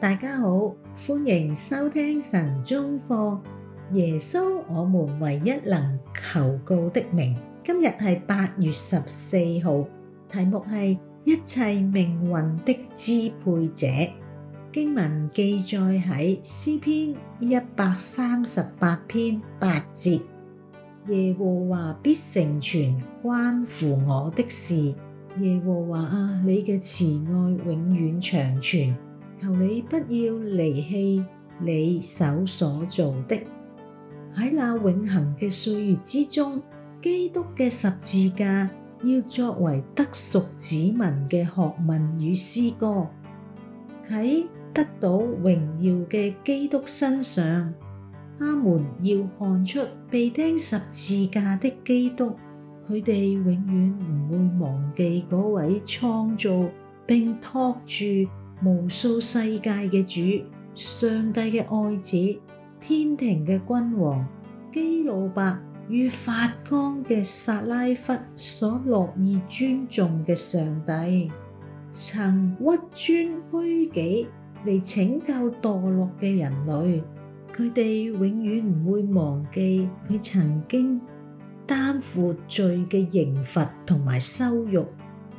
大家好，歡迎收聽神中課。耶穌，我們唯一能求告的名。今日係八月十四號，題目係一切命運的支配者。經文記載喺詩篇一百三十八篇八節。耶和華必成全關乎我的事。耶和華啊，你嘅慈愛永遠長存。求你不要離棄你手所做的，喺那永恒嘅歲月之中，基督嘅十字架要作為得贖子民嘅學問與詩歌，喺得到榮耀嘅基督身上，他們要看出被釘十字架的基督，佢哋永遠唔會忘記嗰位創造並托住。無數世界嘅主、上帝嘅愛子、天庭嘅君王、基路伯與發光嘅撒拉弗所樂意尊重嘅上帝，曾屈尊虛己嚟拯救墮落嘅人類，佢哋永遠唔會忘記佢曾經擔負罪嘅刑罰同埋羞辱。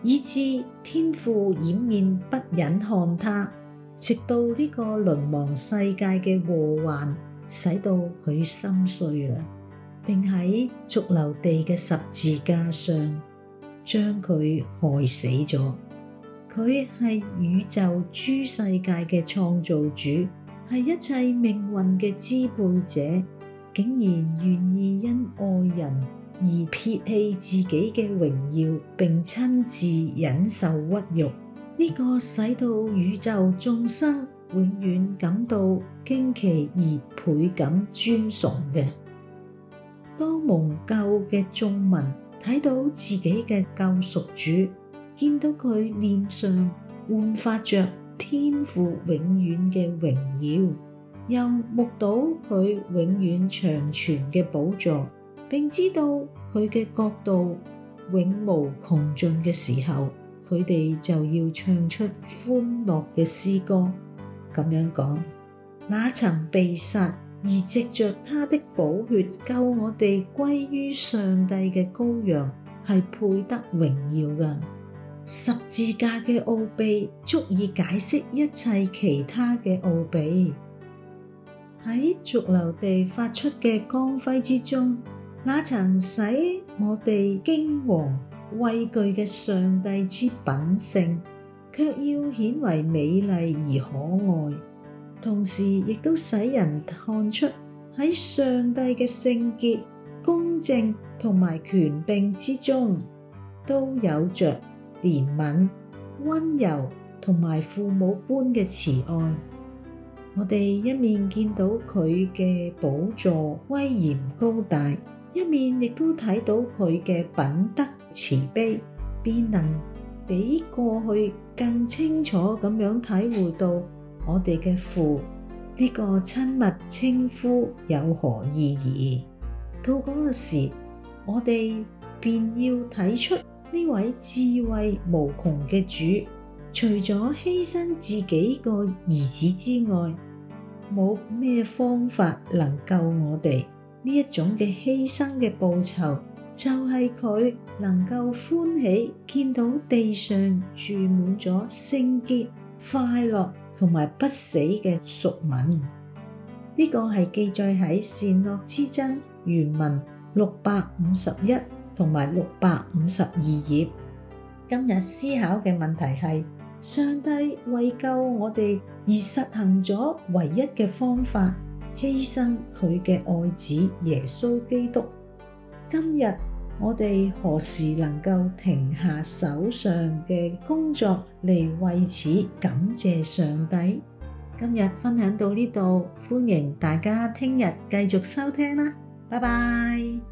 以致天父掩面不忍看他，直到呢個淪亡世界嘅禍患使到佢心碎啦，並喺髑髏地嘅十字架上將佢害死咗。佢係宇宙諸世界嘅創造主，係一切命運嘅支配者，竟然願意因愛人。而撇棄自己嘅榮耀，並親自忍受屈辱，呢、這個使到宇宙眾生永遠感到驚奇而倍感尊崇嘅。當蒙救嘅眾民睇到自己嘅救贖主，見到佢臉上煥發着天父永遠嘅榮耀，又目睹佢永遠長存嘅寶座。並知道佢嘅國度永無窮盡嘅時候，佢哋就要唱出歡樂嘅詩歌。咁樣講，那曾被殺而藉着他的寶血救我哋歸於上帝嘅羔羊，係配得榮耀嘅。十字架嘅奧秘足以解釋一切其他嘅奧秘。喺髑髏地發出嘅光輝之中，那曾使我哋驚惶畏懼嘅上帝之品性，卻要顯為美麗而可愛，同時亦都使人看出喺上帝嘅聖潔、公正同埋權柄之中，都有着憐憫、温柔同埋父母般嘅慈愛。我哋一面見到佢嘅寶座威嚴高大。一面亦都睇到佢嘅品德慈悲，便能比過去更清楚咁樣體會到我哋嘅父呢個親密稱呼有何意義。到嗰個時，我哋便要睇出呢位智慧無窮嘅主，除咗犧牲自己個兒子之外，冇咩方法能救我哋。呢一種嘅犧牲嘅報酬，就係、是、佢能夠歡喜見到地上住滿咗聖潔、快樂同埋不死嘅屬民。呢、這個係記載喺善惡之爭原文六百五十一同埋六百五十二頁。今日思考嘅問題係：上帝為救我哋而實行咗唯一嘅方法。犧牲佢嘅愛子耶穌基督。今日我哋何時能夠停下手上嘅工作嚟為此感謝上帝？今日分享到呢度，歡迎大家聽日繼續收聽啦，拜拜。